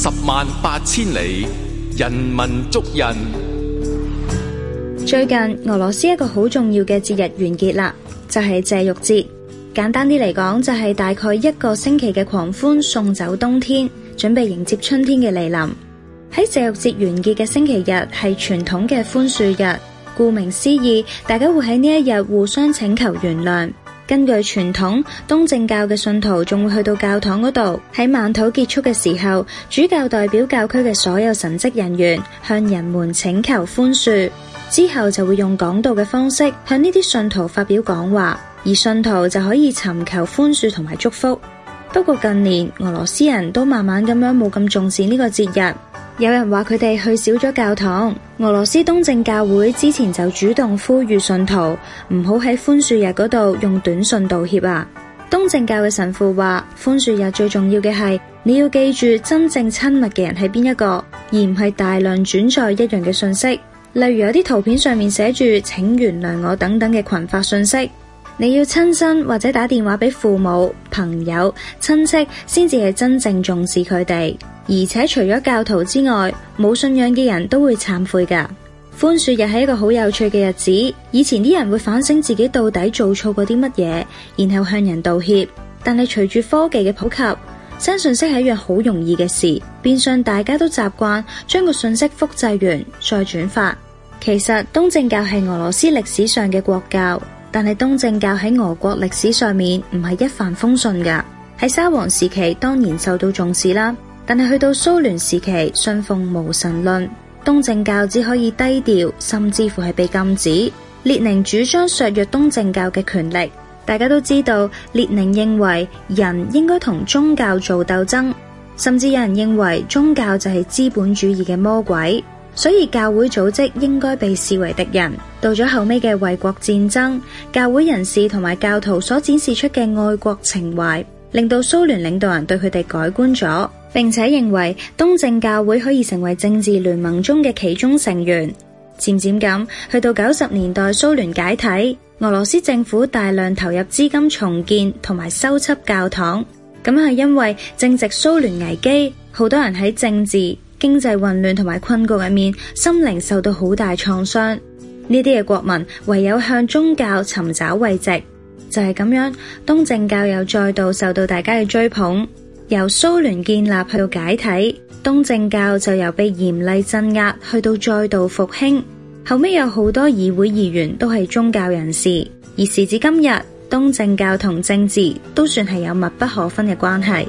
十萬八千里，人文足印。最近俄羅斯一個好重要嘅節日完結啦，就係、是、謝肉節。簡單啲嚟講，就係、是、大概一個星期嘅狂歡，送走冬天，準備迎接春天嘅嚟臨。喺謝肉節完結嘅星期日係傳統嘅寬恕日，顧名思義，大家會喺呢一日互相請求原諒。根據傳統，東正教嘅信徒仲會去到教堂嗰度，喺晚禱結束嘅時候，主教代表教區嘅所有神職人員向人們請求寬恕，之後就會用講道嘅方式向呢啲信徒發表講話，而信徒就可以尋求寬恕同埋祝福。不過近年俄羅斯人都慢慢咁樣冇咁重視呢個節日。有人話佢哋去少咗教堂。俄羅斯東正教會之前就主動呼籲信徒唔好喺寬恕日嗰度用短信道歉啊。東正教嘅神父話，寬恕日最重要嘅係你要記住真正親密嘅人係邊一個，而唔係大量轉載一樣嘅信息。例如有啲圖片上面寫住請原諒我等等嘅群發信息。你要親身或者打電話俾父母、朋友、親戚，先至係真正重視佢哋。而且除咗教徒之外，冇信仰嘅人都會懺悔㗎。寬恕日又係一個好有趣嘅日子。以前啲人會反省自己到底做錯過啲乜嘢，然後向人道歉。但係隨住科技嘅普及，新信息係一樣好容易嘅事，變相大家都習慣將個信息複製完再轉發。其實東正教係俄羅斯歷史上嘅國教。但係東正教喺俄國歷史上面唔係一帆風順㗎，喺沙皇時期當然受到重視啦。但係去到蘇聯時期，信奉無神論，東正教只可以低調，甚至乎係被禁止。列寧主張削弱東正教嘅權力。大家都知道，列寧認為人應該同宗教做鬥爭，甚至有人認為宗教就係資本主義嘅魔鬼。所以教會組織應該被視為敵人。到咗後尾嘅衛國戰爭，教會人士同埋教徒所展示出嘅愛國情懷，令到蘇聯領導人對佢哋改觀咗，並且認為東正教會可以成為政治聯盟中嘅其中成員。漸漸咁去到九十年代，蘇聯解體，俄羅斯政府大量投入資金重建同埋修葺教堂。咁係因為正值蘇聯危機，好多人喺政治。經濟混亂同埋困局入面，心靈受到好大創傷。呢啲嘅國民唯有向宗教尋找慰藉，就係咁樣。東正教又再度受到大家嘅追捧。由蘇聯建立去到解體，東正教就由被嚴厲鎮壓去到再度復興。後尾有好多議會議員都係宗教人士，而時至今日，東正教同政治都算係有密不可分嘅關係。